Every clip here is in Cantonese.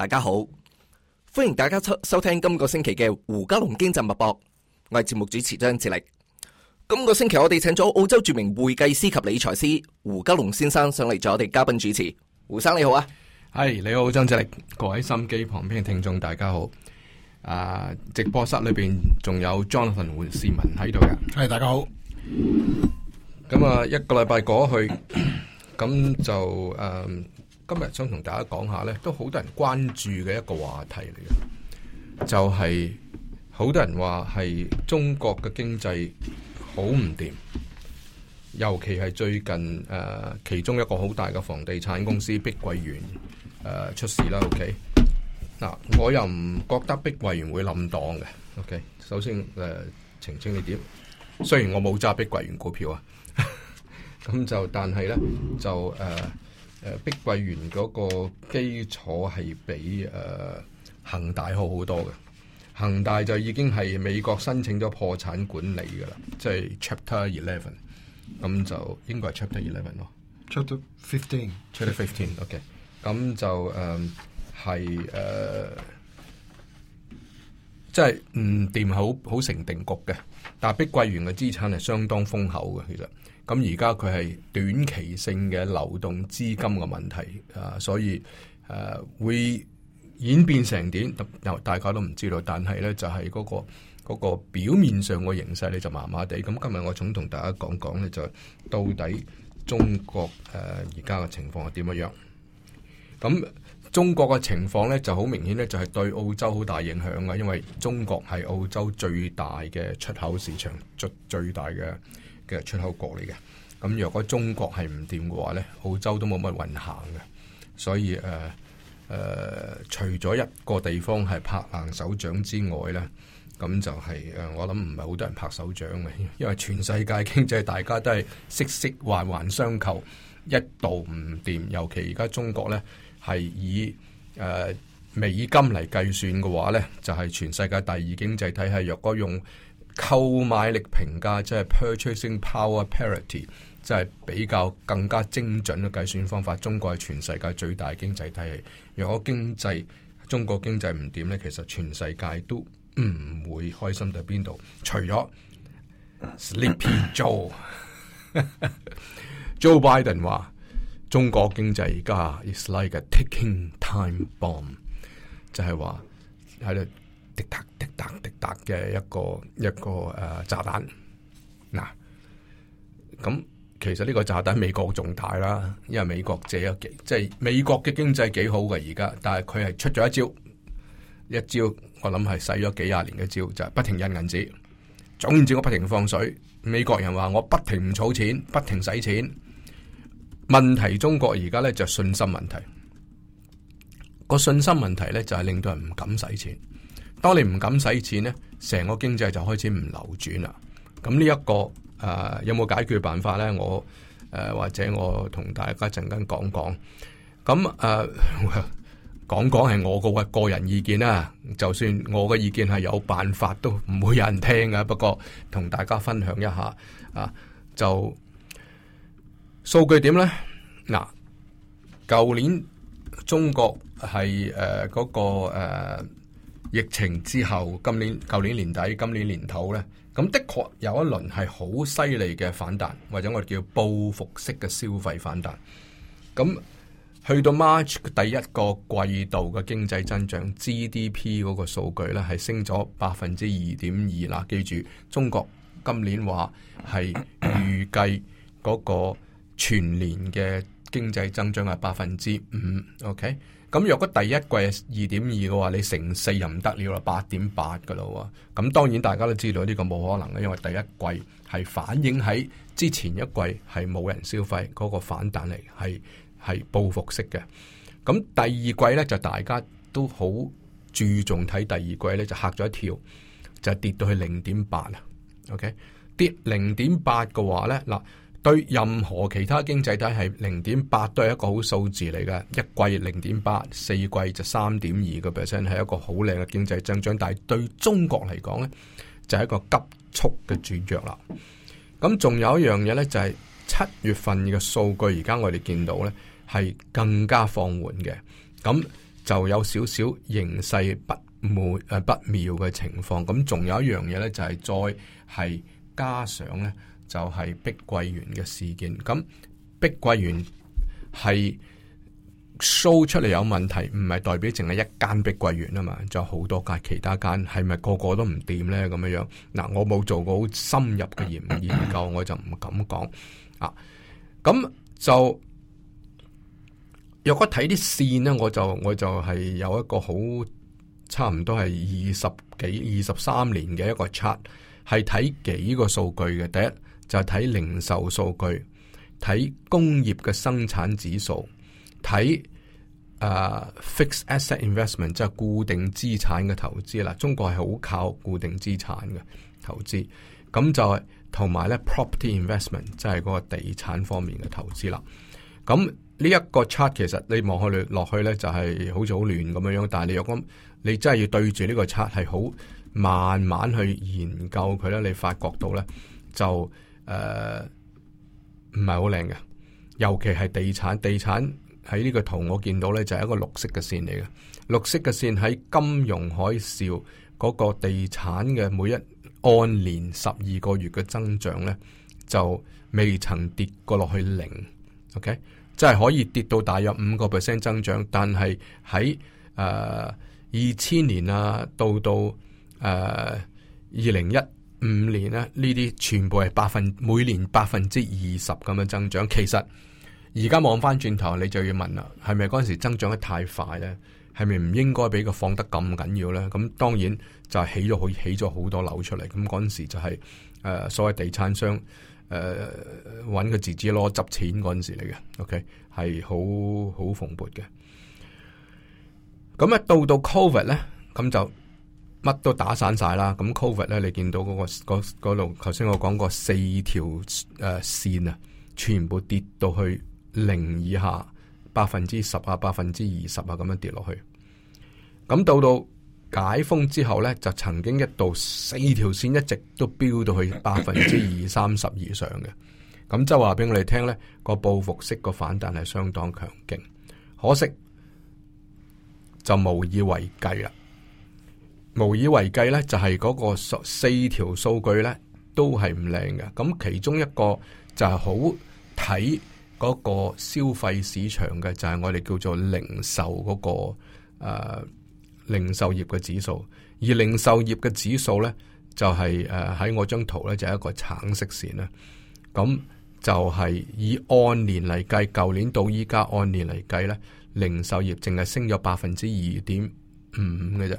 大家好，歡迎大家收收聽今個星期嘅胡嘉龍經濟脈搏，我係節目主持張哲力。今個星期我哋請咗澳洲著名會計師及理財師胡嘉龍先生上嚟做我哋嘉賓主持。胡生你好啊，係你好張哲力，各位心機旁邊嘅聽眾大家好，啊直播室裏邊仲有 Jonathan 胡善文喺度嘅，係、hey, 大家好。咁啊一個禮拜過去，咁就誒。啊今日想同大家講下咧，都好多人關注嘅一個話題嚟嘅，就係、是、好多人話係中國嘅經濟好唔掂，尤其係最近誒、呃、其中一個好大嘅房地產公司碧桂園誒、呃、出事啦。OK，嗱、啊，我又唔覺得碧桂園會冧檔嘅。OK，首先誒、呃、澄清你點，雖然我冇揸碧桂園股票啊，咁 就但係咧就誒。呃誒、呃、碧桂園嗰個基礎係比誒恒、呃、大好好多嘅，恒大就已經係美國申請咗破產管理嘅啦，即、就、係、是、Chapter Eleven，咁就應該係 Chapter Eleven 咯、okay. 哦。Chapter Fifteen，Chapter Fifteen，OK，、okay. 咁就誒係誒，即係唔掂，好好成定局嘅。但係碧桂園嘅資產係相當豐厚嘅，其實。咁而家佢係短期性嘅流動資金嘅問題，啊，所以誒會演變成點，大家都唔知道。但係呢、嗰個，就係嗰個個表面上嘅形勢咧就麻麻地。咁今日我想同大家講講咧，就到底中國誒而家嘅情況係點樣？咁中國嘅情況呢，就好明顯呢，就係對澳洲好大影響嘅，因為中國係澳洲最大嘅出口市場，最最大嘅。嘅出口國嚟嘅，咁若果中國係唔掂嘅話咧，澳洲都冇乜運行嘅，所以誒誒、呃呃，除咗一個地方係拍硬手掌之外咧，咁就係、是、誒、呃，我諗唔係好多人拍手掌嘅，因為全世界經濟大家都係息息環環相扣，一度唔掂，尤其而家中國咧係以誒、呃、美金嚟計算嘅話咧，就係、是、全世界第二經濟體系，若果用。購買力評價即係、就是、purchasing power parity，即係比較更加精準嘅計算方法。中國係全世界最大經濟體系，如果經濟中國經濟唔掂咧，其實全世界都唔會開心到邊度。除咗 Sleepy Joe，Joe 咳咳 Joe Biden 話：「中國經濟而家 is like a ticking time bomb，就係話喺度。滴答滴答滴答嘅一個一個誒、啊、炸彈嗱，咁其實呢個炸彈美國仲大啦，因為美國借咗幾，即係美國嘅經濟幾好嘅而家，但係佢係出咗一招一招，一招我諗係使咗幾廿年嘅招就係、是、不停印銀紙，總言之我不停放水。美國人話我不停唔儲錢，不停使錢。問題中國而家咧就是、信心問題、那個信心問題咧就係、是、令到人唔敢使錢。當你唔敢使錢呢，成個經濟就開始唔流轉啦。咁呢一個誒、啊、有冇解決辦法呢？我誒、啊、或者我同大家陣間講講。咁誒講講係我個個人意見啦。就算我嘅意見係有辦法，都唔會有人聽嘅。不過同大家分享一下啊，就數據點呢？嗱、啊，舊年中國係誒嗰個誒。啊。疫情之後，今年、舊年年底、今年年頭呢，咁的確有一輪係好犀利嘅反彈，或者我哋叫報復式嘅消費反彈。咁去到 March 第一個季度嘅經濟增長 GDP 嗰個數據呢，係升咗百分之二點二啦。記住，中國今年話係預計嗰個全年嘅經濟增長係百分之五。OK。咁若果第一季二點二嘅話，你乘四又唔得了啦，八點八嘅咯喎。咁當然大家都知道呢個冇可能嘅，因為第一季係反映喺之前一季係冇人消費嗰個反彈力係係報復式嘅。咁第二季呢，就大家都好注重睇第二季呢，就嚇咗一跳，就跌到去零點八啊。OK，跌零點八嘅話呢，嗱。對任何其他經濟體，係零點八都係一個好數字嚟嘅，一季零點八，四季就三點二個 percent，係一個好靚嘅經濟增長。但係對中國嚟講呢就係、是、一個急速嘅轉弱啦。咁仲有一樣嘢呢，就係、是、七月份嘅數據，而家我哋見到呢係更加放緩嘅，咁就有少少形勢不滿誒不妙嘅情況。咁仲有一樣嘢呢，就係、是、再係加上呢。就係、是、碧桂園嘅事件，咁碧桂園係 show 出嚟有問題，唔係代表淨係一間碧桂園啊嘛，仲有好多間其他間係咪個個都唔掂咧咁樣樣？嗱、啊，我冇做過好深入嘅研研究，我就唔敢講啊。咁就若果睇啲線呢，我就我就係有一個好差唔多係二十幾二十三年嘅一個 chart，係睇幾個數據嘅第一。就睇零售數據，睇工業嘅生產指數，睇、uh, fixed asset investment 即係固定資產嘅投資啦。中國係好靠固定資產嘅投資，咁就係同埋咧 property investment 即係嗰個地產方面嘅投資啦。咁呢一個 chart 其實你望落去落去咧就係好似好亂咁樣樣，但係你若果你真係要對住呢個 chart 係好慢慢去研究佢咧，你發覺到咧就。誒、呃，唔係好靚嘅，尤其係地產。地產喺呢個圖我見到咧，就係一個綠色嘅線嚟嘅。綠色嘅線喺金融海嘯個地產嘅每一按年十二個月嘅增長咧，就未曾跌過落去零。OK，即係可以跌到大約五個 percent 增長，但係喺誒二千年啊，到到誒二零一。呃五年咧，呢啲全部係百分每年百分之二十咁嘅增長。其實而家望翻轉頭，你就要問啦，係咪嗰陣時增長得太快咧？係咪唔應該俾佢放得咁緊要咧？咁當然就係起咗好起咗好多樓出嚟。咁嗰陣時就係、是、誒、呃、所謂地產商誒揾、呃、個自資攞執錢嗰陣時嚟嘅。OK，係好好蓬勃嘅。咁啊到到 Covid 咧，咁就。乜都打散晒啦，咁 Covid 咧，你見到嗰、嗰個嗰度，頭先我講過四條誒、呃、線啊，全部跌到去零以下，百分之十啊，百分之二十啊，咁樣跌落去。咁到到解封之後咧，就曾經一度四條線一直都飆到去百分之二三十 以上嘅。咁即係話俾我哋聽咧，個報復式個反彈係相當強勁，可惜就無以為繼啦。無以為繼呢就係、是、嗰個四條數據呢都係唔靚嘅。咁其中一個就係好睇嗰個消費市場嘅，就係、是、我哋叫做零售嗰、那個誒、呃、零售業嘅指數。而零售業嘅指數呢，就係誒喺我張圖呢，就係一個橙色線啦。咁就係以按年嚟計，舊年到依家按年嚟計呢，零售業淨係升咗百分之二點五嘅啫。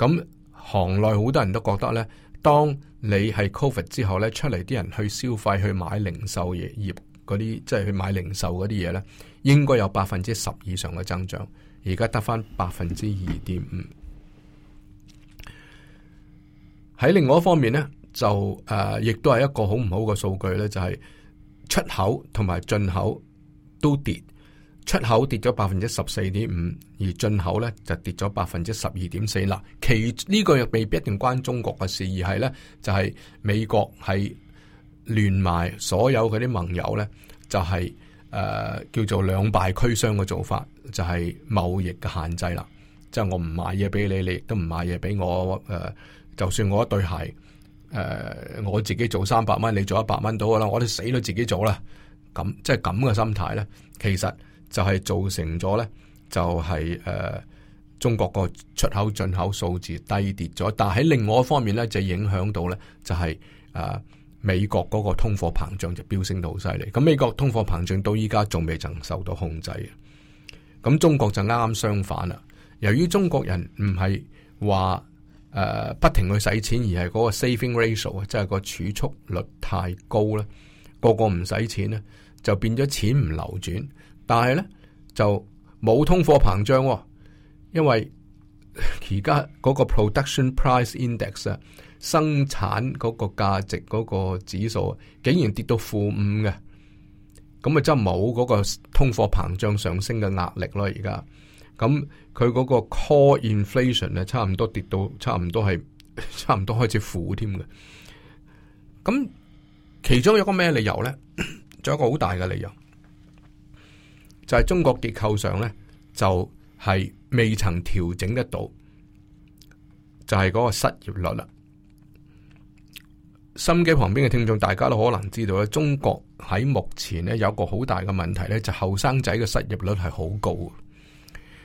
咁行內好多人都覺得呢，當你係 COVID 之後呢，出嚟，啲人去消費去買零售業業嗰啲，即係去買零售嗰啲嘢呢，應該有百分之十以上嘅增長，而家得返百分之二點五。喺另外一方面呢，就誒，呃，亦都係一個好唔好嘅數據呢，就係出口同埋進口都跌。出口跌咗百分之十四點五，而進口咧就跌咗百分之十二點四。嗱，其呢、這個又未必一定關中國嘅事，而係咧就係、是、美國係聯埋所有嗰啲盟友咧，就係、是、誒、呃、叫做兩敗俱傷嘅做法，就係、是、貿易嘅限制啦。即、就、係、是、我唔買嘢俾你，你亦都唔買嘢俾我。誒、呃，就算我一對鞋，誒、呃、我自己做三百蚊，你做一百蚊到噶啦，我都死都自己做啦。咁即係咁嘅心態咧，其實。就係、是、造成咗咧、就是，就係誒中國個出口進口數字低跌咗，但喺另外一方面咧，就影響到咧、就是，就係誒美國嗰個通貨膨脹就飆升到好犀利。咁美國通貨膨脹到依家仲未曾受到控制嘅，咁中國就啱啱相反啦。由於中國人唔係話誒不停去使錢，而係嗰個 saving ratio 啊，即係個儲蓄率太高啦，個個唔使錢咧，就變咗錢唔流轉。但係咧就冇通貨膨脹，哦，因為而家嗰個 production price index 啊，生產嗰個價值嗰個指數竟然跌到負五嘅，咁啊真係冇嗰個通貨膨脹上升嘅壓力咯。而家咁佢嗰個 core inflation 咧，差唔多跌到差唔多係差唔多開始負添嘅。咁其中有個咩理由咧？仲有一個好大嘅理由。就係、是、中國結構上咧，就係、是、未曾調整得到，就係、是、嗰個失業率啦。心機旁邊嘅聽眾，大家都可能知道咧，中國喺目前咧有個好大嘅問題咧，就後生仔嘅失業率係好高的。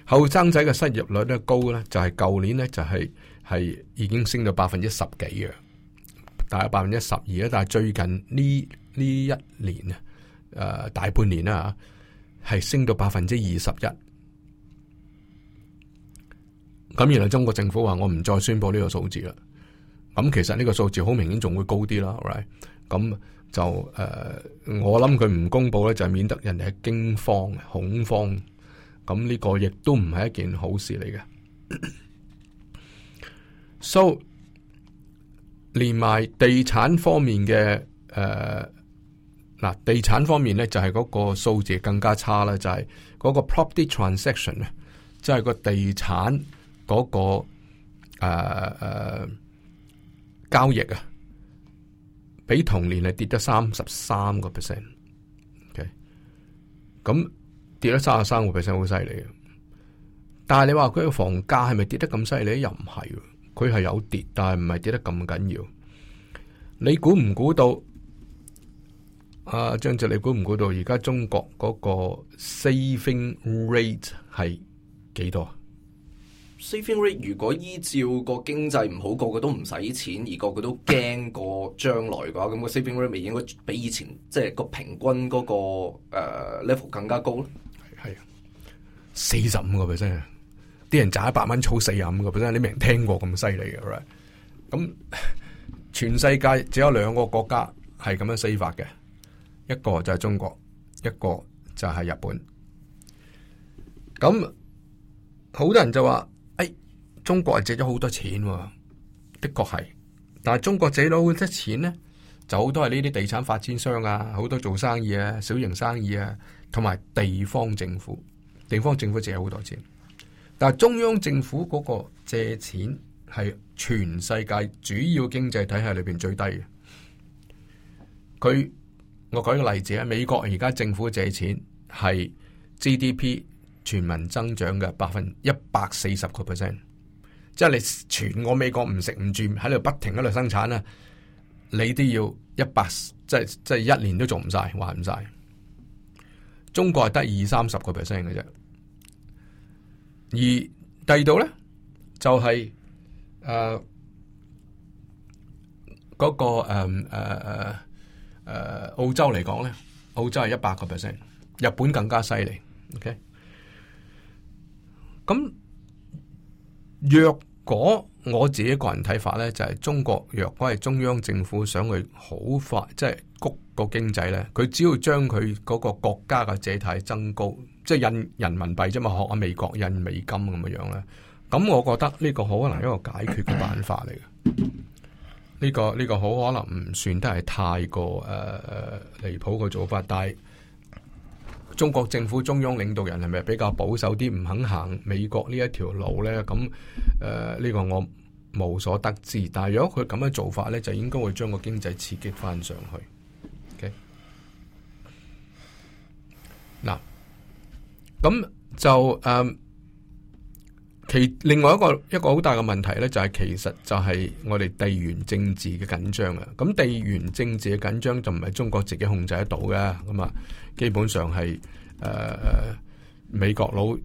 後生仔嘅失業率咧高咧，就是，就係舊年咧就係係已經升到百分之十幾嘅，大約百分之十二啦。但係最近呢呢一年啊，誒大半年啦吓。係升到百分之二十一，咁原來中國政府話我唔再宣布呢個數字啦。咁其實呢個數字好明顯仲會高啲啦，right？咁就誒、呃，我諗佢唔公布咧，就係免得人哋係驚慌恐慌。咁呢個亦都唔係一件好事嚟嘅。 So 連埋地產方面嘅誒。呃嗱，地產方面咧就係嗰個數字更加差啦，就係嗰個 property transaction 啊，即係個地產嗰、那個誒誒、啊啊、交易啊、okay？比同年係跌咗三十三個 percent，ok，咁跌咗三十三個 percent 好犀利嘅。但係你話佢個房價係咪跌得咁犀利？又唔係，佢係有跌，但係唔係跌得咁緊要。你估唔估到？啊，張哲，你估唔估到而家中國嗰個 saving rate 係幾多？saving rate 如果依照個經濟唔好，個個都唔使錢，而個個都驚過將來嘅話，咁、嗰個 saving rate 咪應該比以前即係、就是、個平均嗰、嗰個、uh, level 更加高咯？係啊，四十五個 percent，啲人賺一百蚊儲四十五個 percent，你未聽過咁犀利嘅。咁全世界只有兩個國家係咁樣 save 法嘅。一個就係中國，一個就係日本。咁好多人就話，誒、哎，中國係借咗好多錢、啊，的確係。但係中國借到好多錢呢，就好多係呢啲地產發展商啊，好多做生意啊，小型生意啊，同埋地方政府。地方政府借好多錢，但係中央政府嗰個借錢係全世界主要經濟體系裏邊最低嘅。佢。我舉個例子啊，美國而家政府借錢係 GDP 全民增長嘅百分之一百四十個 percent，即係你全個美國唔食唔住喺度不停喺度生產啊，你都要一百即係即係一年都做唔晒還唔晒，中國係得二三十個 percent 嘅啫。而第二度咧就係誒嗰個誒誒，呃呃誒、uh,，澳洲嚟講咧，澳洲係一百個 percent，日本更加犀利。OK，咁若果我自己個人睇法呢就係、是、中國若果係中央政府想去好快，即係谷個經濟呢，佢只要將佢嗰個國家嘅借貸增高,即係印人民幣啫嘛，學下美國印美金咁嘅樣咧。咁我覺得呢個可能係一個解決嘅辦法嚟嘅。呢個呢個好可能唔算得係太過誒離譜嘅做法，但係中國政府中央領導人係咪比較保守啲，唔肯行美國呢一條路咧？咁誒呢個我無所得知。但係如果佢咁樣做法咧，就應該會將個經濟刺激翻上去。ok 嗱，咁就誒。呃其另外一個一個好大嘅問題咧，就係、是、其實就係我哋地緣政治嘅緊張啊！咁地緣政治嘅緊張就唔係中國自己控制得到嘅。咁啊，基本上係誒、呃、美國佬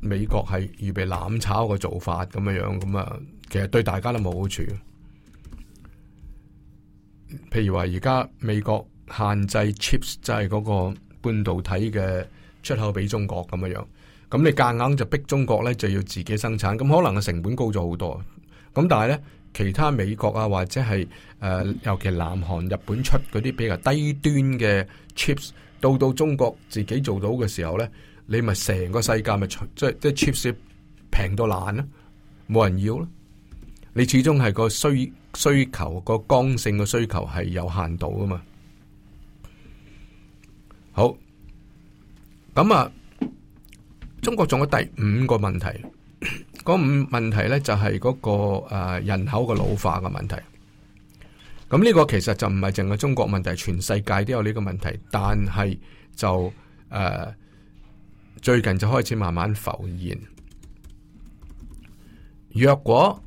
美國係預備攬炒嘅做法咁樣樣咁啊，其實對大家都冇好處，譬如話而家美國限制 chips，就係嗰個半導體嘅出口俾中國咁樣樣。咁你夾硬就逼中國咧就要自己生產，咁可能個成本高咗好多。咁但係咧，其他美國啊或者係誒、呃，尤其南韓、日本出嗰啲比較低端嘅 chips，到到中國自己做到嘅時候咧，你咪成個世界咪即係即係 chips 平到爛啦、啊，冇人要啦、啊。你始終係個需求剛需求個剛性嘅需求係有限度噶嘛。好，咁啊。中國仲有第五個問題，嗰五個問題呢，就係、是、嗰、那個誒、啊、人口嘅老化嘅問題。咁呢個其實就唔係淨係中國問題，全世界都有呢個問題。但係就誒、啊、最近就開始慢慢浮現。若果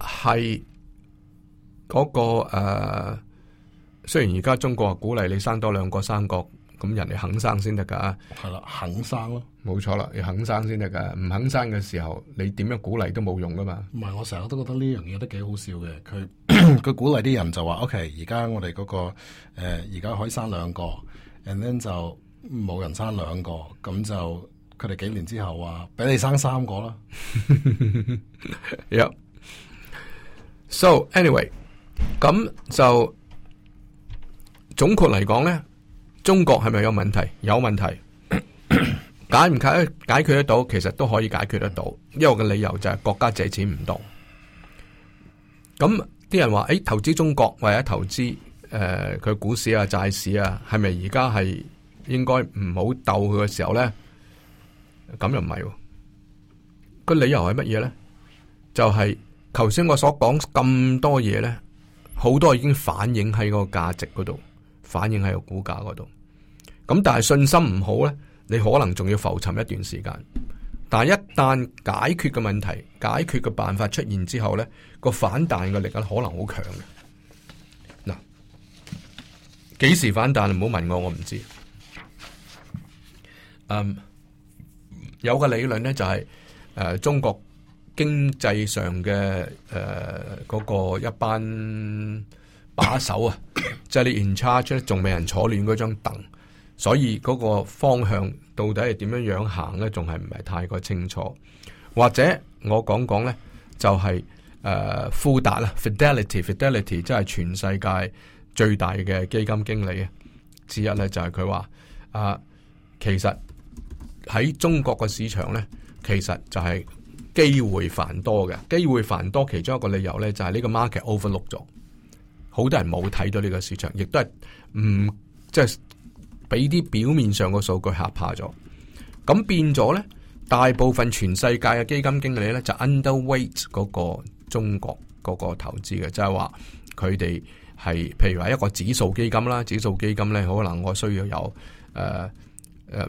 係嗰、那個誒、啊，雖然而家中國鼓勵你生多兩個、三個。咁人哋肯生先得噶，係、啊、啦，肯生咯、啊，冇錯啦，要肯生先得噶。唔肯生嘅時候，你點樣鼓勵都冇用噶嘛。唔係，我成日都覺得呢樣嘢都幾好笑嘅。佢佢 鼓勵啲人就話，OK，而家我哋嗰、那個誒，而、呃、家可以生兩個，and then 就冇人生兩個，咁就佢哋幾年之後話，俾你生三個啦。Yep，so anyway，咁就總括嚟講咧。中國係咪有問題？有問題，解唔解解決得到？其實都可以解決得到，因為我嘅理由就係國家借錢唔到。咁啲人話，誒、欸，投資中國或者投資誒佢股市啊、債市啊，係咪而家係應該唔好鬥佢嘅時候咧？咁又唔係，個理由係乜嘢咧？就係頭先我所講咁多嘢咧，好多已經反映喺個價值嗰度。反映喺個股價嗰度，咁但係信心唔好呢，你可能仲要浮沉一段時間。但係一旦解決嘅問題，解決嘅辦法出現之後呢，個反彈嘅力可能好強嘅。嗱，幾時反彈唔好問我，我唔知。Um, 有個理論呢、就是，就係誒，中國經濟上嘅誒嗰個一班。把手啊，即係你 in charge 仲未人坐暖嗰張凳，所以嗰個方向到底係點樣樣行呢？仲係唔係太過清楚？或者我講講呢，就係誒富達啦，Fidelity，Fidelity 即係全世界最大嘅基金經理啊之一呢，就係佢話啊，其實喺中國個市場呢，其實就係機會繁多嘅，機會繁多，其中一個理由呢，就係呢個 market overlook 咗。好多人冇睇到呢個市場，亦都係唔即係俾啲表面上個數據嚇怕咗。咁變咗咧，大部分全世界嘅基金經理咧就 underweight 嗰個中國嗰個投資嘅，就係話佢哋係譬如話一個指數基金啦，指數基金咧可能我需要有誒誒、呃、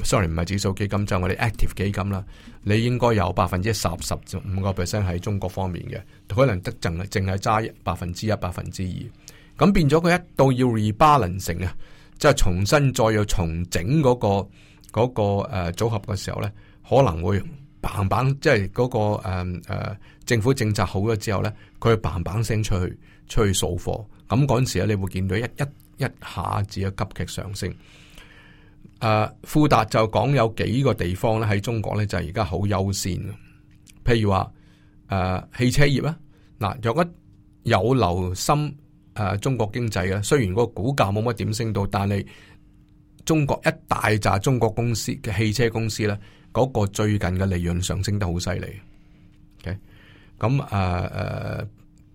，sorry 唔係指數基金，就是、我哋 active 基金啦，你應該有百分之十十至五個 percent 喺中國方面嘅，可能得淨淨係揸百分之一、百分之二。咁變咗佢一到要 rebalance 成啊，即係重新再要重整嗰、那個、那個誒組合嘅時候咧，可能會棒棒。n g 即係嗰個誒誒、嗯啊、政府政策好咗之後咧，佢 b 棒棒 g 聲出去出去掃貨，咁嗰陣時咧你會見到一一一下子嘅急劇上升。誒、啊，富達就講有幾個地方咧喺中國咧就係而家好優先，譬如話誒、啊、汽車業啦，嗱、啊、若果有留心。誒、啊，中國經濟嘅雖然嗰個股價冇乜點升到，但係中國一大紮中國公司嘅汽車公司咧，嗰、那個最近嘅利潤上升得好犀利。咁誒誒，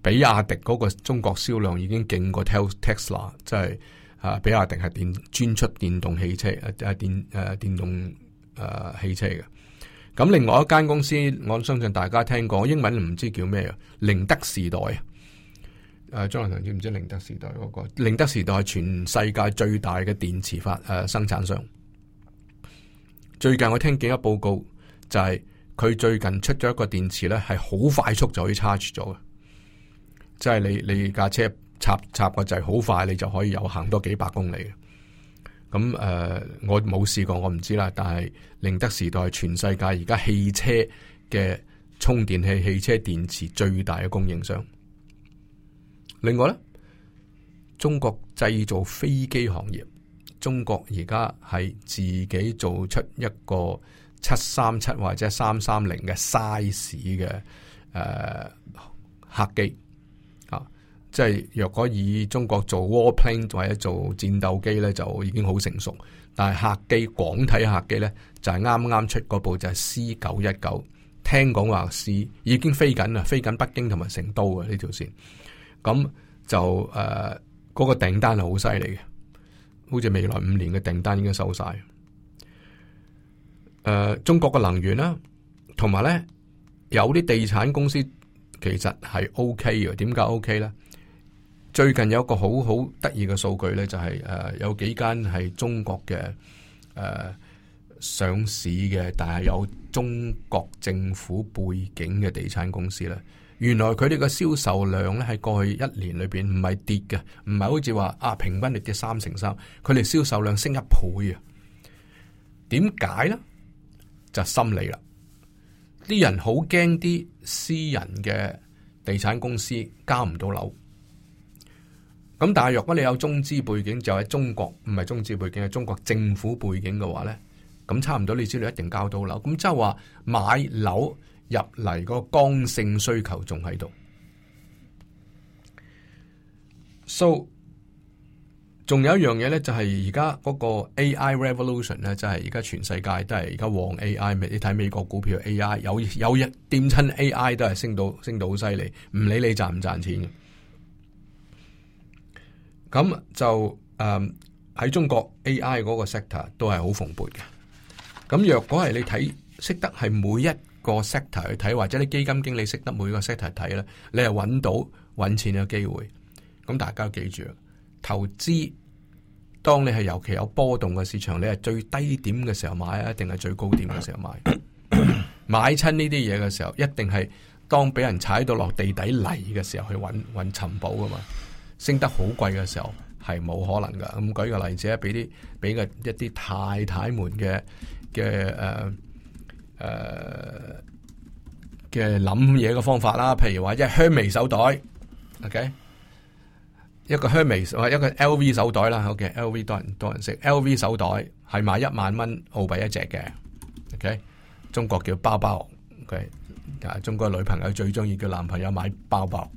比亞迪嗰個中國銷量已經勁過 Tesla，即係誒比亞迪係電專出電動汽車誒誒、啊、電誒、啊、電動誒、啊、汽車嘅。咁、啊、另外一間公司，我相信大家聽過，英文唔知叫咩，寧德時代啊。誒、啊，嘉龍，你知唔知寧德時代嗰、那個寧德時代係全世界最大嘅電池發誒、呃、生產商。最近我聽幾個報告，就係佢最近出咗一個電池咧，係好快速就可以 charge 咗嘅。即、就、係、是、你你架車插插個掣，好快，你就可以有行多幾百公里嘅。咁誒、呃，我冇試過，我唔知啦。但係寧德時代係全世界而家汽車嘅充電器、汽車電池最大嘅供應商。另外咧，中國製造飛機行業，中國而家係自己做出一個七三七或者三三零嘅 size 嘅誒、呃、客機啊，即係若果以中國做 warplane 或者做戰鬥機咧，就已經好成熟。但係客機廣體客機咧，就係啱啱出嗰部就係 C 九一九，聽講話 C 已經飛緊啦，飛緊北京同埋成都嘅呢條線。咁就誒，嗰、呃嗰個訂單係好犀利嘅，好似未來五年嘅訂單已經收晒。誒、呃，中國嘅能源啦、啊，同埋咧有啲地產公司其實係 O K 嘅，點解 O K 咧？最近有一個好好得意嘅數據咧，就係、是、誒、呃、有幾間係中國嘅誒、呃、上市嘅，但係有中國政府背景嘅地產公司咧。原來佢哋個銷售量咧，喺過去一年裏邊唔係跌嘅，唔係好似話啊平均力嘅三成三，佢哋銷售量升一倍啊！點解咧？就係心理啦，啲人好驚啲私人嘅地產公司交唔到樓。咁但係若果你有中資背景，就喺中國，唔係中資背景係中國政府背景嘅話咧，咁差唔多你知道你一定交到樓。咁即係話買樓。入嚟嗰個剛性需求仲喺度，so 仲有一樣嘢咧，就係而家嗰個 AI Revolution 咧，就係而家全世界都係而家旺 AI。你睇美國股票 AI 有有一掂親 AI 都係升到升到好犀利，唔理你賺唔賺錢嘅。咁就誒喺中國 AI 嗰個 sector 都係好蓬勃嘅。咁若果係你睇識得係每一。個 sector 去睇，或者啲基金經理識得每個 sector 睇咧，你係揾到揾錢嘅機會。咁大家記住，投資當你係尤其有波動嘅市場，你係最低點嘅時候買啊，定係最高點嘅時候買。買親呢啲嘢嘅時候，一定係當俾人踩到落地底泥嘅時候去揾揾尋寶噶嘛。升得好貴嘅時候係冇可能噶。咁舉個例子，俾啲俾個一啲太太們嘅嘅誒誒。嘅諗嘢嘅方法啦，譬如話一香味手袋，OK，一個香迷，或一個 LV 手袋啦，OK，LV，OK？多人多人識，LV 手袋係買一萬蚊澳幣一隻嘅，OK，中國叫包包，OK？中國女朋友最中意叫男朋友買包包，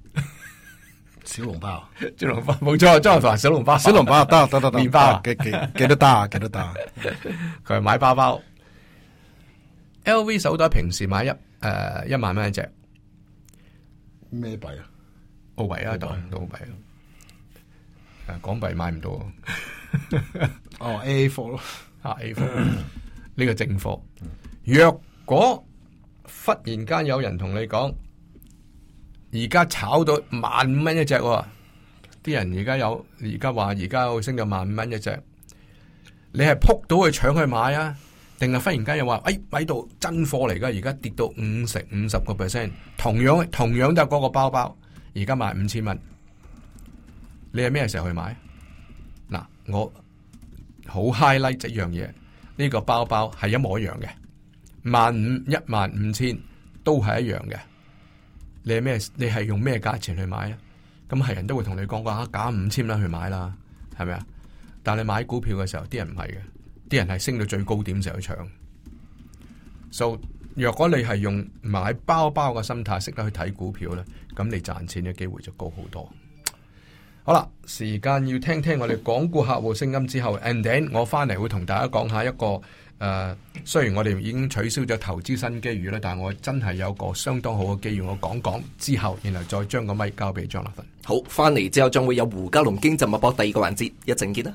小籠包、啊， 小籠包，小籠包冇錯，張華小籠包，小籠包得得得麵包幾多幾都得，幾都得，佢買包包，LV 手袋平時買一。誒、uh，一萬蚊一隻咩幣啊？澳、oh, 幣啊，都澳幣咯。港幣買唔到。哦，A A 貨咯，吓 A A 貨呢個正貨。若果忽然間有人同你講，而家炒到萬五蚊一隻、啊，啲人而家有，而家話而家升到萬五蚊一隻，你係撲到去搶去買啊？定係忽然間又話，哎，買到真貨嚟噶，而家跌到五成、五十個 percent，同樣同樣就係嗰個包包，而家賣五千蚊。你係咩時候去買？嗱，我好 highlight 一樣嘢，呢個包包係一模一樣嘅，萬五一萬五千都係一樣嘅。你係咩？你係用咩價錢去買啊？咁係人都會同你講講，假五千蚊去買啦，係咪啊？但係你買股票嘅時候，啲人唔係嘅。啲人係升到最高點就去搶，所以若果你係用買包包嘅心態，識得去睇股票呢，咁你賺錢嘅機會就高好多。好啦，時間要聽聽我哋港股客戶聲音之後，and then 我翻嚟，會同大家講下一個，誒、呃，雖然我哋已經取消咗投資新機遇咧，但係我真係有個相當好嘅機遇，我講講之後，然後再將個咪交俾張立芬。好，翻嚟之後將會有胡家龍經濟脈搏第二個環節，一陣見啦。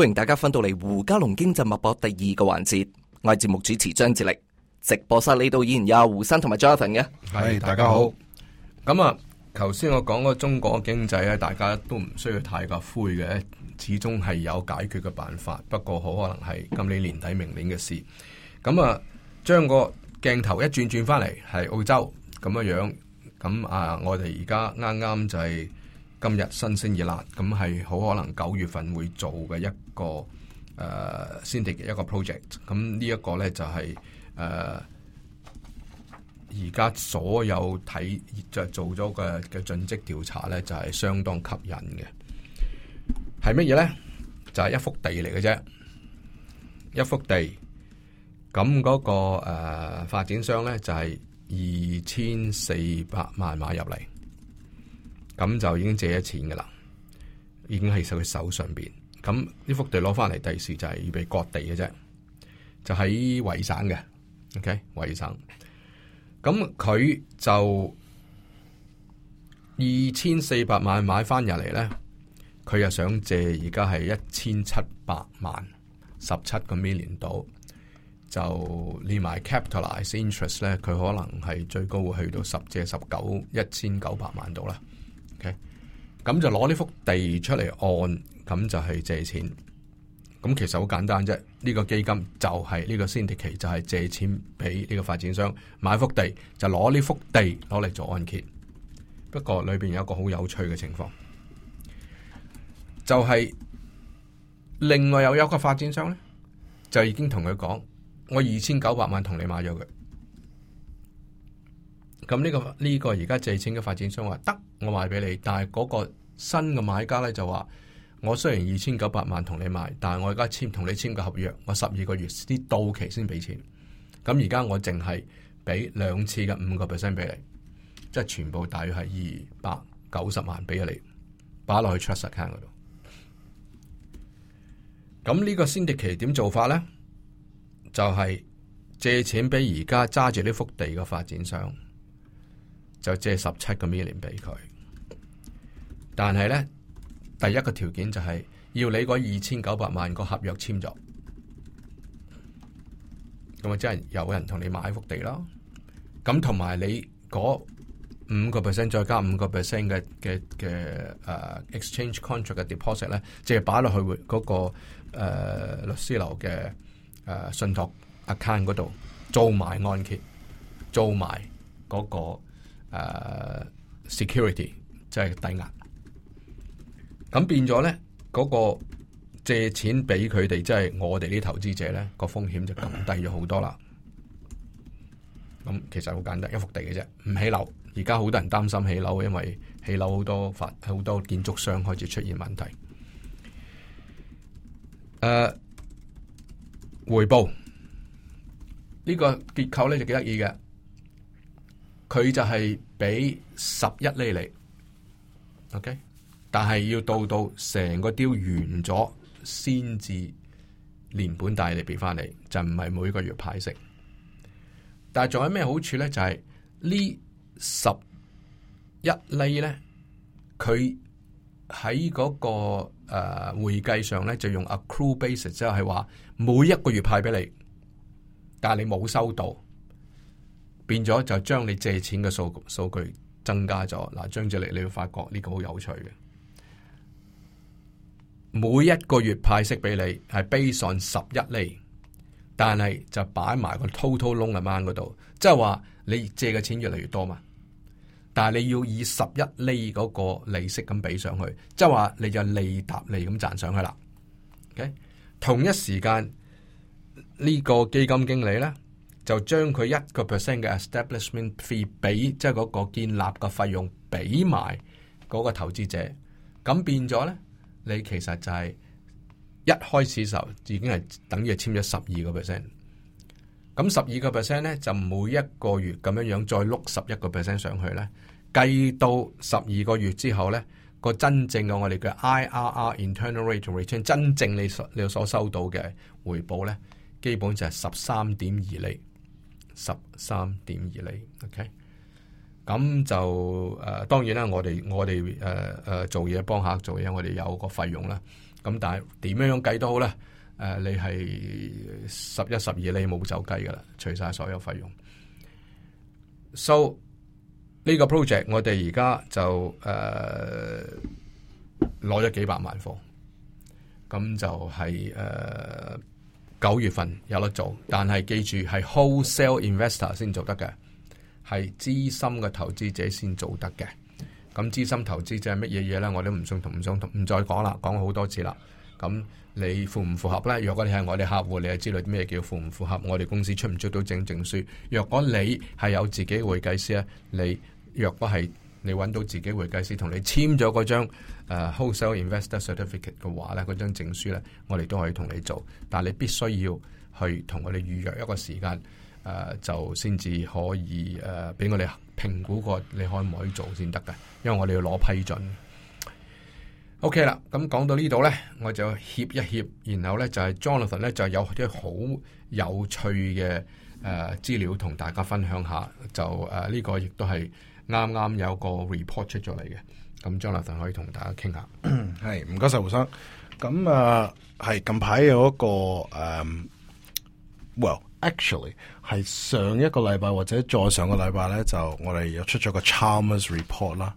歡迎大家翻到嚟胡嘉龍經濟脈搏第二個環節，我係節目主持張智力，直播室呢度依然有胡生同埋 Jonathan 嘅、啊。係、hey, 大家好。咁啊，頭先我講嗰中國經濟咧，大家都唔需要太過灰嘅，始終係有解決嘅辦法，不過好可能係今年年底、明年嘅事。咁啊，將個鏡頭一轉轉翻嚟，係澳洲咁嘅樣。咁啊，我哋而家啱啱就係、是。今日新鮮熱辣，咁係好可能九月份會做嘅一個誒 syndicate 一個 project 個。咁呢一個咧就係誒而家所有睇着做咗嘅嘅盡職調查咧，就係、是、相當吸引嘅。係乜嘢咧？就係、是、一幅地嚟嘅啫，一幅地。咁嗰、那個誒、呃、發展商咧就係二千四百萬買入嚟。咁就已經借咗錢噶啦，已經係喺佢手上邊。咁呢幅地攞翻嚟，第時就係預備割地嘅啫。就喺維省嘅，OK 維省。咁佢就二千四百萬買翻入嚟咧，佢又想借而家係一千七百萬，十七個 million 度，就連埋 capitalize interest 咧，佢可能係最高會去到十借十九一千九百萬度啦。咁就攞呢幅地出嚟按，咁就係借錢。咁其實好簡單啫，呢、這個基金就係呢個 Syndicate，就係借錢俾呢個發展商買幅地，就攞呢幅地攞嚟做按揭。不過裏邊有一個好有趣嘅情況，就係、是、另外有一個發展商咧，就已經同佢講，我二千九百萬同你買咗佢。咁呢個呢個而家借錢嘅發展商話得。我賣俾你，但係嗰個新嘅買家咧就話：我雖然二千九百萬同你賣，但係我而家簽同你簽個合約，我十二個月啲到期先俾錢。咁而家我淨係俾兩次嘅五個 percent 俾你，即係全部大約係二百九十萬俾你，擺落去 trust account 度。咁呢個 syndicate 點做法咧？就係、是、借錢俾而家揸住呢幅地嘅發展商，就借十七個 million 俾佢。但係咧，第一個條件就係要你嗰二千九百萬個合約簽咗，咁啊真係有人同你買幅地咯。咁同埋你嗰五個 percent 再加五個 percent 嘅嘅嘅誒 exchange contract 嘅 deposit 咧，即係擺落去嗰、那個、呃、律師樓嘅誒、啊、信託 account 嗰度，租埋按揭，租埋嗰個、啊、security，即係抵押。咁變咗咧，嗰個借錢俾佢哋，即係我哋啲投資者咧，個風險就減低咗好多啦。咁其實好簡單，一幅地嘅啫，唔起樓。而家好多人擔心起樓，因為起樓好多發好多建築商開始出現問題。誒，回報呢個結構咧就幾得意嘅，佢就係俾十一厘你，OK。但係要到到成個 deal 完咗，先至連本帶利畀返你，就唔係每個月派息。但係仲有咩好處咧？就係、是、呢十一厘咧，佢喺嗰個誒、呃、會計上咧就用 accrued basis 即係話每一個月派俾你，但係你冇收到，變咗就將你借錢嘅數數據增加咗。嗱、啊，張志力你會發覺呢個好有趣嘅。每一個月派息俾你，係 base 上十一厘，但係就擺埋個 toto a l l a n m 嘅 n 嗰度，即係話你借嘅錢越嚟越多嘛，但係你要以十一厘嗰個利息咁俾上去，即係話你就利搭利咁賺上去啦。O、okay? K，同一時間呢、這個基金經理咧就將佢一個 percent 嘅 establishment fee 俾，即係嗰個建立嘅費用俾埋嗰個投資者，咁變咗咧。你其實就係一開始的時候已經係等於簽咗十二個 percent，咁十二個 percent 咧就每一個月咁樣樣再碌十一個 percent 上去咧，計到十二個月之後咧，個真正嘅我哋嘅 IRR（internal rate of return） 真正你所你所收到嘅回報咧，基本就係十三點二厘，十三點二厘。o、okay? k 咁就誒、呃，當然啦，我哋、呃呃、我哋誒誒做嘢幫客做嘢，我哋有個費用啦。咁但係點樣計都好咧，誒、呃、你係十一十二你冇走計噶啦，除晒所有費用。So 呢個 project 我哋而家就誒攞咗幾百萬貨，咁就係誒九月份有得做，但係記住係 wholesale investor 先做得嘅。係資深嘅投資者先做得嘅，咁資深投資者係乜嘢嘢呢？我都唔想同唔想同唔再講啦，講好多次啦。咁你符唔符合呢？如果你係我哋客戶，你係知道咩叫符唔符合？我哋公司出唔出到整證書？若果你係有自己會計師咧，你若果係你揾到自己會計師同你簽咗嗰張誒 Wholesale Investor Certificate 嘅話呢，嗰張證書呢，我哋都可以同你做，但你必須要去同我哋預約一個時間。誒、呃，就先至可以誒，俾、呃、我哋評估過你可唔可以做先得嘅，因為我哋要攞批准。OK 啦，咁、嗯、講到呢度咧，我就歇一歇，然後咧就係、是、Jonathan 咧就有啲好有趣嘅誒資料同大家分享下，就誒呢、呃這個亦都係啱啱有個 report 出咗嚟嘅，咁、嗯、Jonathan 可以同大家傾下。係，唔該晒，胡生。咁啊，係近排有一個誒、嗯、，Well。Actually 係上一個禮拜或者再上個禮拜咧，就我哋又出咗個 Chalmers Report 啦、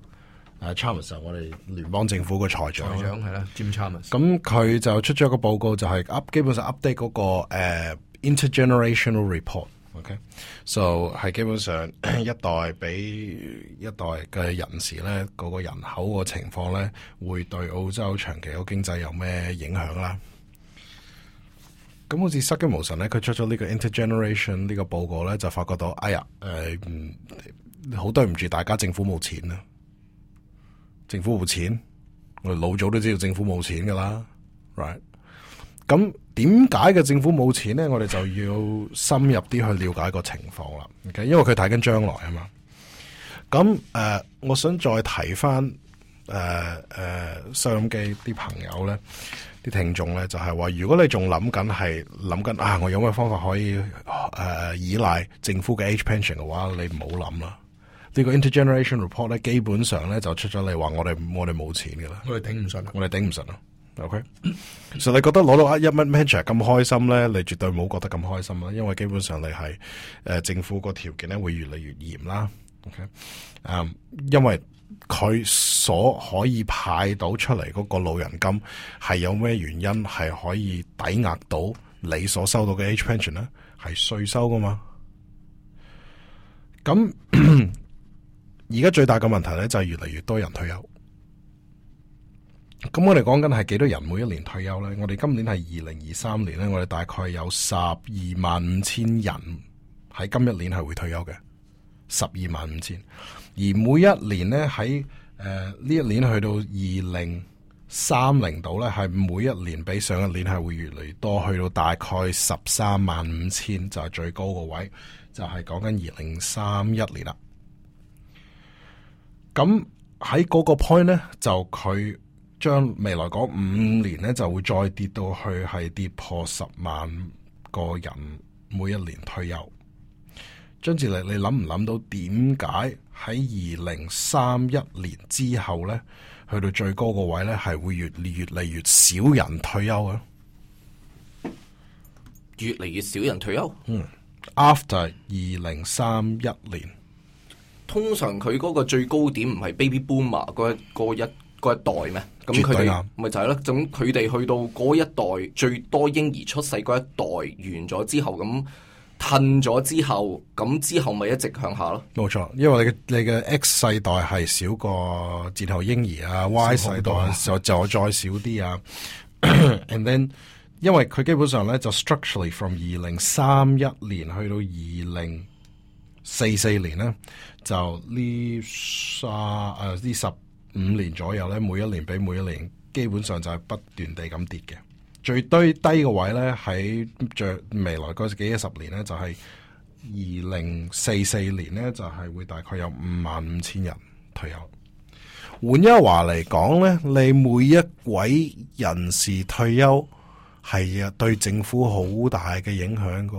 uh,Chalmers 就我哋聯邦政府嘅財長，財長係啦，Jim Chalmers，咁佢就出咗個報告，就是，就係 up 基本上 update 嗰，那個、uh, intergenerational report。OK，s、okay. o 係基本上一代比一代嘅人士咧，嗰個人口個情況咧，會對澳洲長期個經濟有咩影響啦？咁好似失驚無神咧，佢出咗呢個 Intergeneration 呢個報告咧，就發覺到哎呀，誒、呃，好對唔住大家，政府冇錢啊！政府冇錢，我哋老早都知道政府冇錢噶啦，right？咁點解嘅政府冇錢咧？我哋就要深入啲去了解個情況啦。Okay? 因為佢睇緊將來啊嘛。咁誒、呃，我想再提返誒誒，相機啲朋友咧。啲聽眾咧就係話：如果你仲諗緊係諗緊啊，我有咩方法可以誒、呃、依賴政府嘅 age pension 嘅話，你唔好諗啦。這個、呢個 intergeneration report 咧，基本上咧就出咗嚟話，我哋我哋冇錢噶啦，我哋頂唔順，我哋頂唔順咯。OK，其實、 so、你覺得攞到一蚊 pension 咁開心咧，你絕對冇覺得咁開心啦，因為基本上你係誒、呃、政府個條件咧會越嚟越嚴啦。OK，嗯、um，因為。佢所可以派到出嚟嗰個老人金係有咩原因係可以抵押到你所收到嘅 H pension 咧？係稅收噶嘛？咁而家最大嘅問題咧就係越嚟越多人退休。咁我哋講緊係幾多人每一年退休咧？我哋今年係二零二三年咧，我哋大概有十二萬五千人喺今一年係會退休嘅，十二萬五千。而每一年呢，喺誒呢一年去到二零三零度呢，係每一年比上一年係會越嚟越多，去到大概十三萬五千就係最高個位，就係講緊二零三一年啦。咁喺嗰個 point 呢，就佢將未來嗰五年呢，就會再跌到去係跌破十萬個人每一年退休。張志力，你諗唔諗到點解？喺二零三一年之後呢，去到最高個位呢，係會越越嚟越少人退休啊！越嚟越少人退休。嗯，After 二零三一年，通常佢嗰個最高點唔係 Baby Boomer 嗰一一一代咩？咁佢咪就係咯？咁佢哋去到嗰一代最多嬰兒出世嗰一代完咗之後咁。褪咗之後，咁之後咪一直向下咯。冇錯，因為你嘅你嘅 X 世代係少過戰後嬰兒啊，兒啊，啊，Y 世代就就再少啲啊。 And then 因為佢基本上咧就 structurally from 二零三一年去到二零四四年咧，就呢三誒呢十五年左右咧，每一年比每一年基本上就係不斷地咁跌嘅。最堆低嘅位置呢，喺着未來嗰幾幾十年呢，就係二零四四年呢，就係會大概有五萬五千人退休。換一話嚟講呢，你每一位人士退休係啊對政府好大嘅影響噶。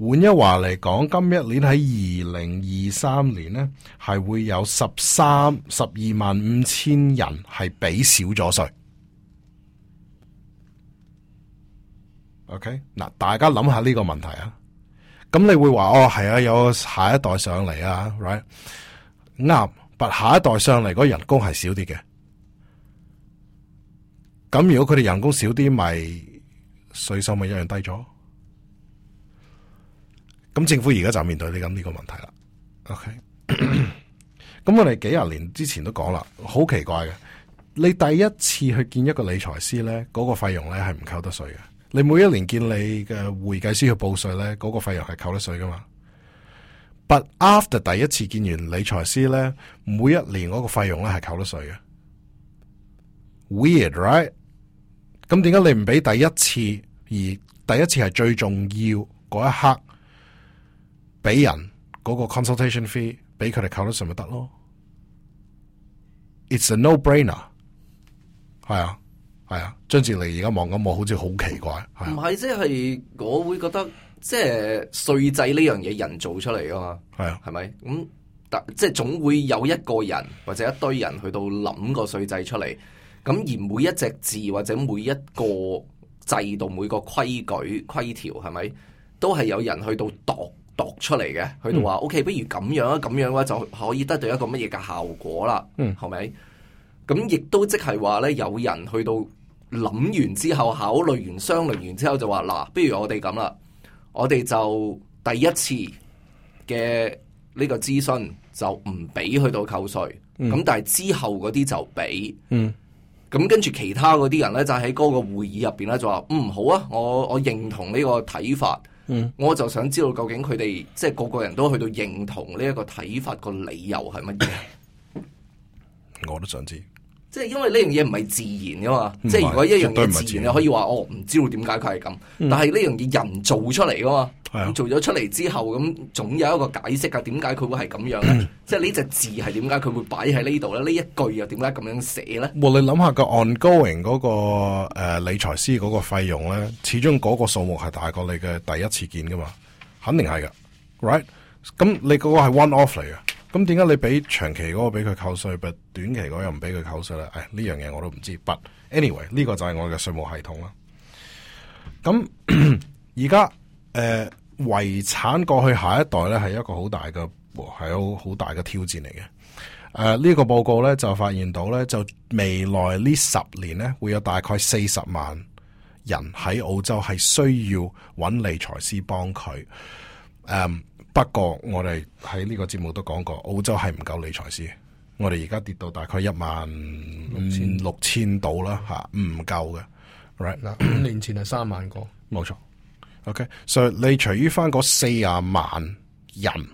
換一話嚟講，今一年喺二零二三年呢，係會有十三、十二萬五千人係俾少咗稅。OK 嗱，大家諗下呢個問題啊，咁你會話哦係啊，有下一代上嚟啊，right 啱，但下一代上嚟嗰人工係少啲嘅，咁如果佢哋人工少啲，咪稅收咪一樣低咗，咁政府而家就面對呢咁呢個問題啦。OK，咁 我哋幾廿年之前都講啦，好奇怪嘅，你第一次去見一個理財師咧，嗰、嗰個費用咧係唔扣得稅嘅。你每一年見你嘅會計師去報稅咧，嗰、那個費用係扣得稅噶嘛？But after 第一次見完理財師咧，每一年嗰個費用咧係扣得稅嘅。Weird，right？咁、嗯、點解你唔俾第一次而第一次係最重要嗰一刻，俾人嗰個 consultation fee 俾佢哋扣得稅咪得咯？It's a no-brainer，係啊。係啊，張智霖而家望咁我好似好奇怪。唔係、啊，即係、就是、我會覺得，即係稅制呢樣嘢人做出嚟噶嘛？係啊，係咪？咁、嗯、但即係、就是、總會有一個人或者一堆人去到諗個稅制出嚟。咁而每一隻字或者每一個制度、每個規矩、規條，係咪都係有人去到度度出嚟嘅？佢、嗯、到話：，OK，不如咁樣啊，咁樣嘅、啊、話就可以得到一個乜嘢嘅效果啦。嗯，係咪？咁亦都即係話呢，有人去到諗完之後，考慮完、商量完之後就，就話嗱，不如我哋咁啦，我哋就第一次嘅呢個諮詢就唔俾去到扣稅，咁但係之後嗰啲就俾。嗯。咁、嗯、跟住其他嗰啲人呢，就喺嗰個會議入邊呢，就話嗯好啊，我我認同呢個睇法、嗯。我就想知道究竟佢哋即係個個人都去到認同呢一個睇法個理由係乜嘢？我都想知。即係因為呢樣嘢唔係自然噶嘛，即係如果一樣嘢唔係自然，自然，你可以話哦，唔知道點解佢係咁。但係呢樣嘢人做出嚟噶嘛，做咗出嚟之後，咁總有一個解釋啊。點解佢會係咁樣咧？即係呢隻字係點解佢會擺喺呢度咧？呢、嗯、一句又點解咁樣寫咧？哇！你諗下 ongoing、嗰個 ongoing 嗰個誒理財師嗰個費用咧，始終嗰個數目係大過你嘅第一次見噶嘛？肯定係噶，right？咁你嗰個係 one off 嚟嘅。咁點解你俾長期嗰個俾佢扣稅，但短期嗰又唔俾佢扣稅咧？誒，呢樣嘢我都唔知。But anyway，呢個就係我嘅稅務系統啦。咁而家誒遺產過去下一代咧，係一個好大嘅，係有好大嘅挑戰嚟嘅。誒、呃，呢、呢個報告咧就發現到咧，就未來呢十年咧會有大概四十萬人喺澳洲係需要揾理財師幫佢。嗯不過我哋喺呢個節目都講過，澳洲係唔夠理財師。我哋而家跌到大概一萬五千六千度啦，吓唔夠嘅。right 嗱、啊，五年前係三萬個，冇錯。ok，所、so, 以你除於翻嗰四十萬人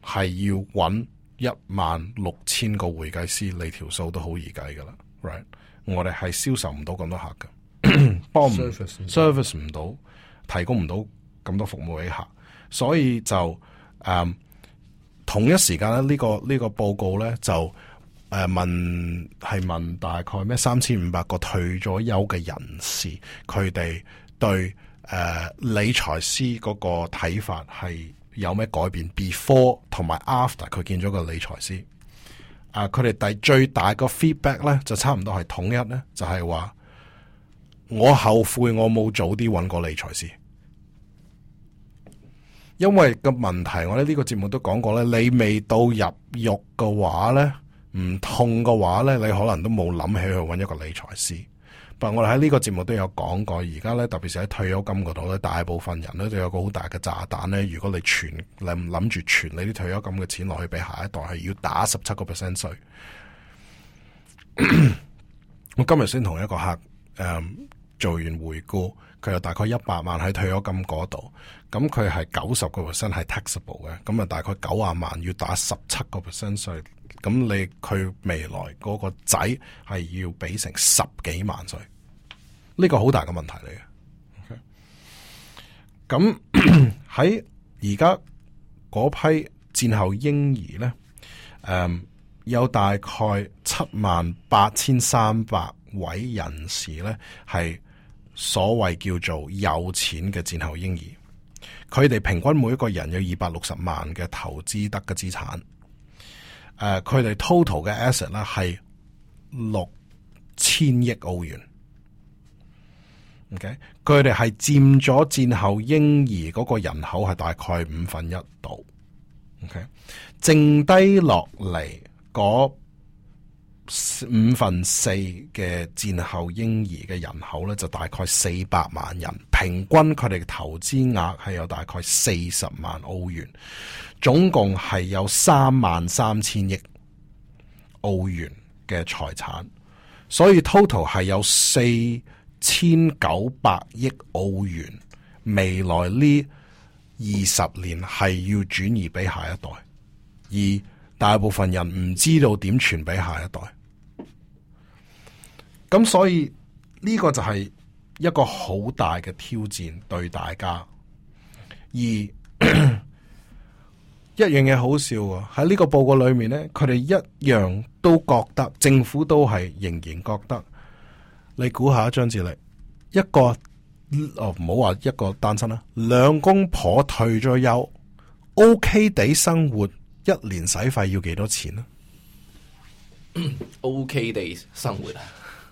係要搵一萬六千個會計師，你條數都好易計噶啦。right，我哋係銷售唔到咁多客嘅，幫 s service 唔到，提供唔到咁多服務俾客，所以就。誒、um,，同一時間咧，呢、這個呢、這個報告咧就誒、啊、問係問大概咩三千五百個退咗休嘅人士，佢哋對誒、啊、理財師嗰個睇法係有咩改變？Before 同埋 After 佢見咗個理財師，啊，佢哋第最大個 feedback 咧就差唔多係統一咧，就係、是、話我後悔我冇早啲搵個理財師。因為個問題，我呢個節目都講過咧，你未到入獄嘅話咧，唔痛嘅話咧，你可能都冇諗起去揾一個理財師。但係我哋喺呢個節目都有講過，而家咧，特別是喺退休金嗰度咧，大部分人咧都有一個好大嘅炸彈咧。如果你存，你唔諗住存你啲退休金嘅錢落去俾下一代，係要打十七個 percent 稅。我今日先同一個客誒、嗯、做完回顧。佢有大概一百萬喺退休金嗰度，咁佢係九十個 percent 係 taxable 嘅，咁啊大概九啊萬要打十七個 percent 稅，咁你佢未來嗰個仔係要俾成十幾萬稅，呢個好大嘅問題嚟嘅。OK。咁喺而家嗰批戰後嬰兒咧，誒、嗯、有大概七萬八千三百位人士咧係。所謂叫做有錢嘅戰後嬰兒，佢哋平均每一個人有二百六十萬嘅投資得嘅資產，誒、呃，佢哋 total 嘅 asset 咧係六千億歐元。OK，佢哋係佔咗戰後嬰兒嗰個人口係大概五分一度。OK，剩低落嚟嗰五分四嘅戰後嬰兒嘅人口呢，就大概四百萬人。平均佢哋投資額係有大概四十萬澳元，總共係有三萬三千億澳元嘅財產。所以 total 係有四千九百億澳元，未來呢二十年係要轉移俾下一代，而大部分人唔知道點傳俾下一代。咁所以呢、呢個就係一個好大嘅挑戰對大家。而 一樣嘢好笑喎，喺呢個報告裏面呢，佢哋一樣都覺得政府都係仍然覺得。你估下張志力一個哦，唔好話一個單身啦，兩公婆退咗休，OK 地生活一年使費要幾多錢啊 ？OK 地生活啊？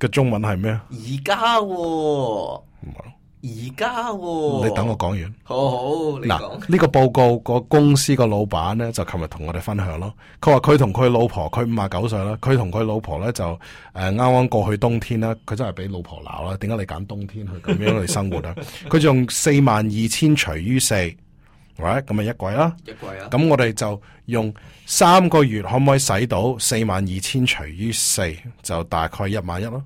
嘅中文係咩？而家喎，而家喎，你等我講完。好好，嗱，呢、這個報告個公司個老闆咧，就琴日同我哋分享咯。佢話佢同佢老婆，佢五十九歲啦。佢同佢老婆咧就誒啱啱過去冬天啦。佢真係俾老婆鬧啦。點解你揀冬天去咁樣嚟生活 他就 42, 4,、right? 就啊？佢用四萬二千除於四，喂，咁咪一季啦。一季啊！咁我哋就用。三個月可唔可以使到四萬二千除於四，就大概一萬一咯。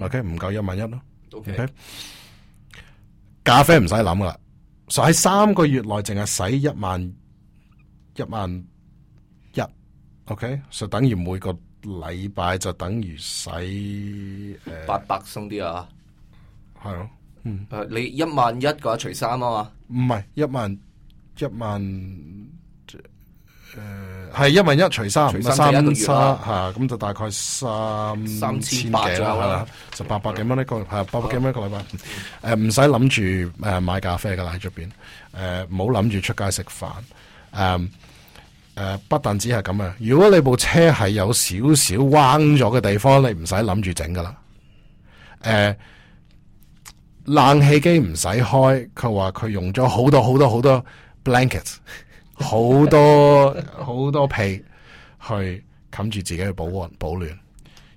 O K 唔夠一萬一咯。O、okay. K、okay? 咖啡唔使諗啦。所、so, 喺三個月內淨係使一萬一萬一。O K 就等於每個禮拜就等於使誒八百鬆啲啊。係咯、啊。嗯，你一萬一嘅話除三啊嘛。唔係一萬一萬誒。呃係一萬一除三，隨啊、三三咁就大概三,三千，多三千多幾啦，係啦就八百幾蚊一個，係八百幾蚊一個禮拜。唔使諗住誒買咖啡嘅喺出面，唔好諗住出街食飯、呃呃。不但只係咁啊！如果你部車係有少少彎咗嘅地方，你唔使諗住整噶啦。誒、呃、冷氣機唔使開，佢話佢用咗好多好多好多 blanket。好 多好多屁去冚住自己去保温保暖，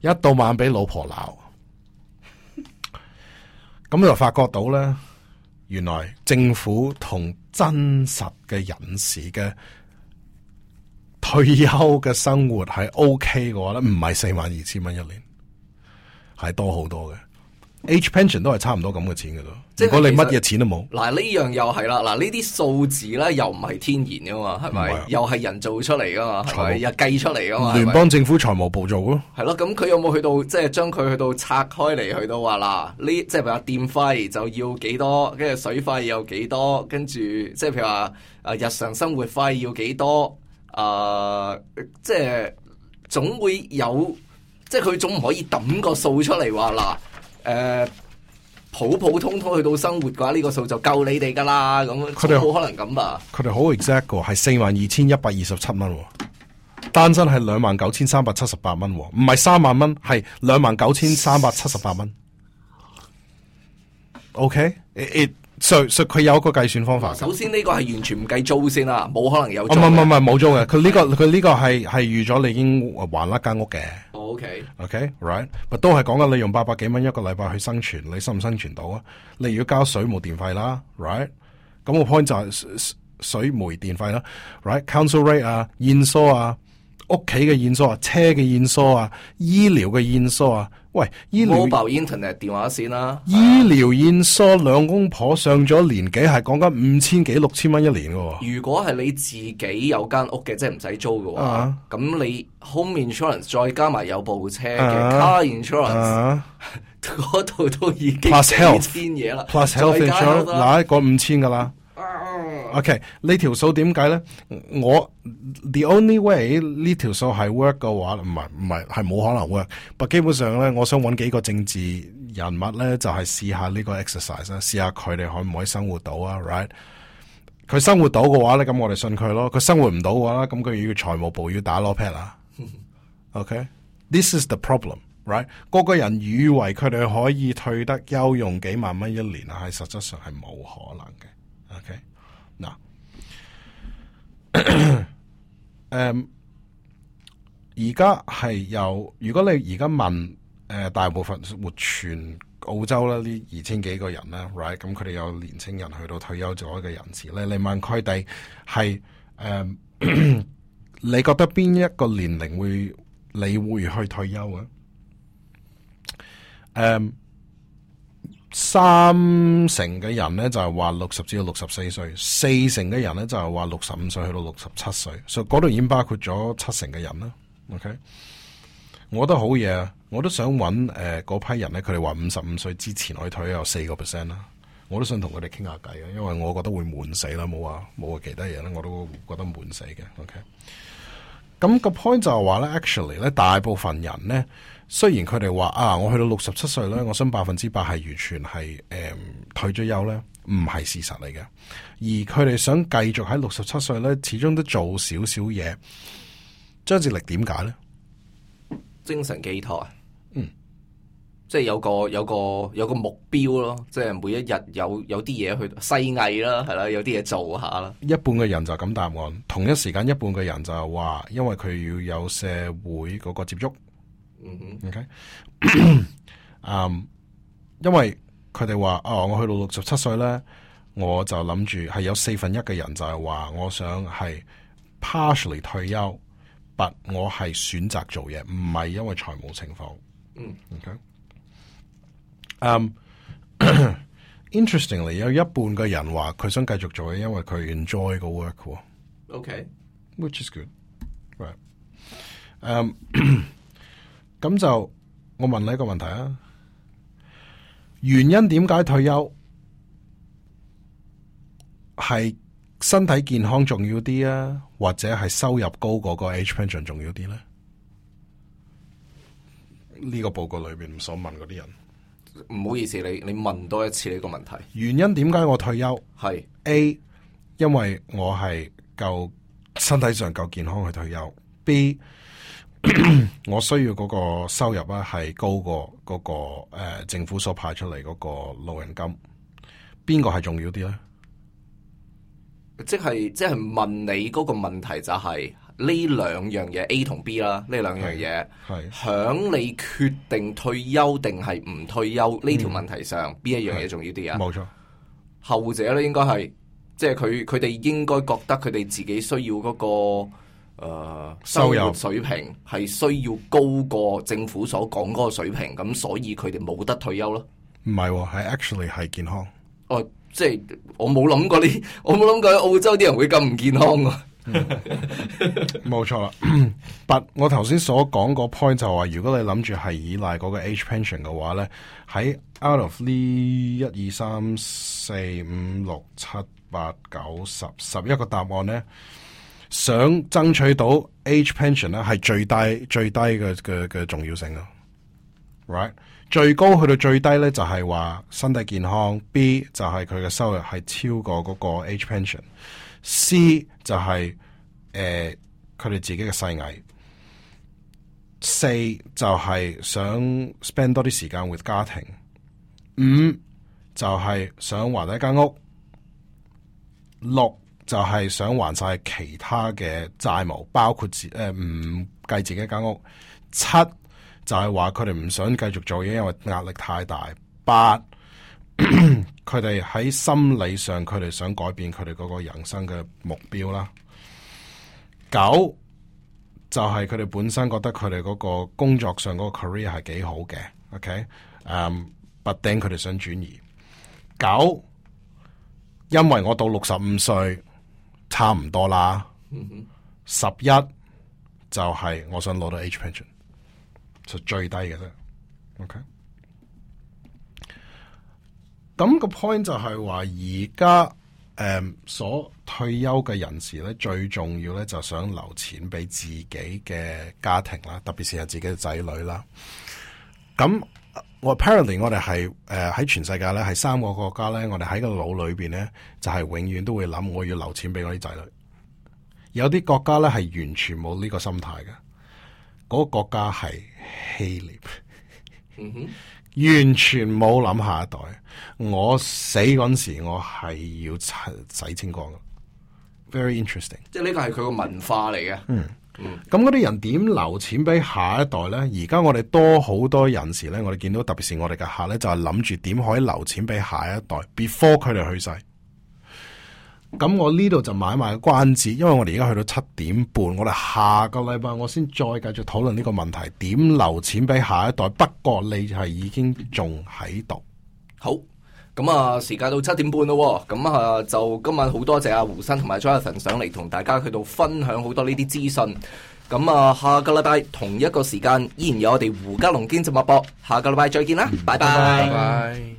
一到晚俾老婆鬧，咁 就發覺到咧，原來政府同真實嘅人士嘅退休嘅生活係 OK 嘅話咧，唔係四萬二千蚊一年，係多好多嘅。Age Pension 都係差唔多咁嘅錢噶咯，如果你乜嘢錢都冇，嗱、啊啊、呢樣又係啦，嗱呢啲數字咧又唔係天然噶嘛，係咪、啊？又係人造出嚟噶嘛，係咪又計出嚟噶嘛？聯邦政府財務部做咯，係咯？咁佢、啊、有冇去到即係將佢去到拆開嚟去到話嗱，呢、啊、即係譬如話電費就要幾多，跟住水費又幾多，跟住即係譬如話誒日常生活費要幾多、啊？即係總會有，即係佢總唔可以抌個數出嚟話嗱。啊誒，uh，普普通通去到生活嘅話，呢個數就夠你哋噶啦。咁佢哋好可能咁啊！佢哋好 exact 喎，係四萬二千一百二十七蚊，單身係兩萬九千三百七十八蚊，唔係三萬蚊，係兩萬九千三百七十八蚊。OK。就、so, 佢、so、有一個計算方法。首先呢個係完全唔計租先啦，冇可能有租。唔唔唔，冇租嘅。佢呢、這個佢呢個係係預咗你已經還甩間屋嘅。O K O K right，、But、都係講緊你用八百幾蚊一個禮拜去生存，你生唔生存到啊？你如果交水、冇電費啦，right？咁個 point 就係水、煤、電費啦，right？Council rate 啊、燕梳啊、屋企嘅燕梳啊、車嘅燕梳啊、醫療嘅燕梳啊。喂，醫療 internet 電話線啦，醫療 insurance 兩公婆上咗年紀，係講緊五千幾六千蚊一年嘅。如果係你自己有間屋嘅，即係唔使租嘅話，咁、uh -huh. 你 home insurance 再加埋有部車嘅 car insurance，嗰、uh、度 -huh. 都已經五千嘢啦。Plus health，再加嗱一個五千噶啦。o、okay, k 呢條數點解呢？我 the only way 呢條數係 work 嘅話，唔係唔係係冇可能 work。不過基本上呢，我想揾幾個政治人物呢，就係試下呢個 exercise 啦，試下佢哋可唔可以生活到啊？Right，佢生活到嘅話呢，咁我哋信佢咯。佢生活唔到嘅話，咁佢要財務部要打 lopper。OK，this、okay? is the problem。Right，個個人以為佢哋可以退得休用幾萬蚊一年啊，係實質上係冇可能嘅。OK，嗱、no.，誒， 而家係有，如果你而家問誒、呃，大部分活全澳洲啦，呢二千幾個人咧，right，咁佢哋有年青人去到退休咗嘅人士咧，你問佢哋係誒，你覺得邊一個年齡會你會去退休啊？嗯、um。三成嘅人咧就係話六十至到六十四歲，四成嘅人咧就係話六十五歲去到六十七歲，所以嗰度已經包括咗七成嘅人啦。OK，我都好嘢、啊，我都想揾誒嗰批人咧，佢哋話五十五歲之前可以退有四個 percent 啦，我都想同佢哋傾下偈嘅，因為我覺得會悶死啦，冇話冇其他嘢咧，我都覺得悶死嘅。OK，咁個 point 就係話咧，actually 咧，大部分人咧。雖然佢哋話啊，我去到六十七歲咧，我想百分之百係完全係誒、嗯、退咗休咧，唔係事實嚟嘅。而佢哋想繼續喺六十七歲咧，始終都做少少嘢。張志力點解咧？精神寄託啊，嗯，即係有個有個有個目標咯，即係每一日有有啲嘢去細藝啦，係啦，有啲嘢做下啦。一半嘅人就咁答案，同一時間一半嘅人就係話，因為佢要有社會嗰個接觸。嗯嗯，OK，嗯，因為佢哋話啊，我去到六十七歲咧，我就諗住係有四分一嘅人就係話，我想係 partially 退休，but 我係選擇做嘢，唔係因為財務情況。嗯，OK，嗯，Interestingly，有一半嘅人話佢想繼續做嘢，因為佢 enjoy 個 work，OK，which is good，right，嗯。咁就我問你一個問題啊，原因點解退休係身體健康重要啲啊，或者係收入高嗰個 age pension 重要啲咧？呢、呢個報告裏邊所問嗰啲人，唔好意思，你你問多一次呢個問題。原因點解我退休係 A，因為我係夠身體上夠健康去退休。B。 我需要嗰個收入咧係高過嗰、那個誒、呃、政府所派出嚟嗰個老人金，邊個係重要啲咧？即係即係問你嗰個問題就係呢兩樣嘢 A 同 B 啦，呢兩樣嘢響你決定退休定係唔退休呢條問題上，邊、嗯、一樣嘢重要啲啊？冇錯，後者咧應該係即係佢佢哋應該覺得佢哋自己需要嗰、那個。誒、uh, so，收入水平係需要高過政府所講嗰個水平，咁所以佢哋冇得退休咯。唔係、哦，係 actually 係健康。哦、uh，即係我冇諗過呢，我冇諗過，過澳洲啲人會咁唔健康、啊。冇錯啦。不， But、我頭先所講個 point 就話，如果你諗住係依賴嗰個 age pension 嘅話咧，喺 out of 呢一二三四五六七八九十十一個答案咧。想爭取到 age pension 咧，係最低最低嘅嘅嘅重要性咯。Right? 最高去到最低咧，就係、是、話身體健康。B 就係佢嘅收入係超過嗰個 age pension。C 就係誒佢哋自己嘅細藝。四就係想 spend 多啲時間 with 家庭。五就係想還低一間屋。六。就係、是、想還晒其他嘅債務，包括自誒唔計自己間屋。七就係話佢哋唔想繼續做嘢，因為壓力太大。八佢哋喺心理上，佢哋想改變佢哋嗰個人生嘅目標啦。九就係佢哋本身覺得佢哋嗰個工作上嗰個 career 係幾好嘅。OK，誒，but then 佢哋想轉移。九，因為我到六十五歲。差唔多啦，mm -hmm. 十一就係我想攞到 age pension，就最低嘅啫。OK，咁個 point 就係話而家，誒，所退休嘅人士咧，最重要咧，就想留錢俾自己嘅家庭啦，特別是係自己嘅仔女啦。咁。我、well, apparently 我哋係誒喺全世界咧係三個國家咧，我哋喺個腦裏邊咧就係、是、永遠都會諗我要留錢俾我啲仔女。有啲國家咧係完全冇呢個心態嘅，嗰、那個國家係希臘，mm-hmm. 完全冇諗下一代。我死嗰陣時我，我係要洗清光嘅。Very interesting，即係呢個係佢個文化嚟嘅。嗯、mm.。咁嗰啲人點留錢俾下一代呢？而家我哋多好多人士呢，我哋見到特別是我哋嘅客呢，就係諗住點可以留錢俾下一代，before 佢哋去世。咁我呢度就買埋個關子，因為我哋而家去到七點半，我哋下個禮拜我先再繼續討論呢個問題，點留錢俾下一代。不過你係已經仲喺度，好。咁啊，時間到七點半咯，哦，咁啊，就今晚好多謝阿、啊、胡生同埋 Jonathan 上嚟同大家去到分享好多呢啲資訊。咁啊，下個禮拜同一個時間依然有我哋胡嘉龍經濟脈搏，下個禮拜再見啦，拜、嗯、拜。Bye bye, bye bye bye bye